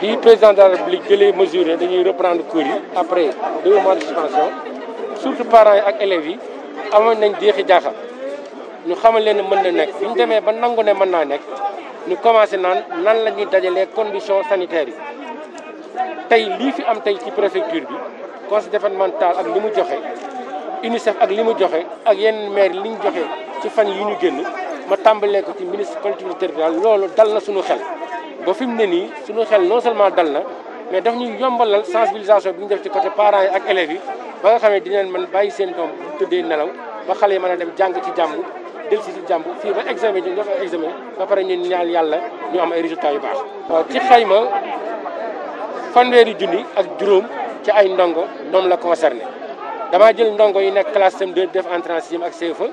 bi président de la République les mesures yi dañuy reprendre cours yi après deux mois de suspension surtout parents yi ak élèves yi amoon nañ jeexi jaaxal ñu xamal leen ne mën na nekk bi ñu demee ba nangu ne mën naa nekk ñu commencé naan nan la ñuy conditions sanitaires Tay li fi am tay ci préfecture bi conseil départemental ak limu mu joxe UNICEF ak limu mu joxe ak yenn maire li ñu joxe ci fan yi ñu génn ma tambalé ko ci ministre collectivité territoriale loolu dal na suñu xel ba fi mu ne nii suñu xel non seulement dal na mais daf ñuy yombalal sensibilisation bi ñu def ci côté parents yi ak élèves yi ba nga xam ne dinañ mën bàyyi seen doom tëddee nelaw ba xale yi mën a dem jàng ci jàmm del si ci jàmm fii ba examen ñu def ay examen ba pare ñun ñaan yàlla ñu am ay résultats yu baax. waaw ci xayma fanweeri junni ak juróom ci ay ndongo ñoom la concerné damaa jël ndongo yi nekk classe CM2 def entrée en sixième ak CFEE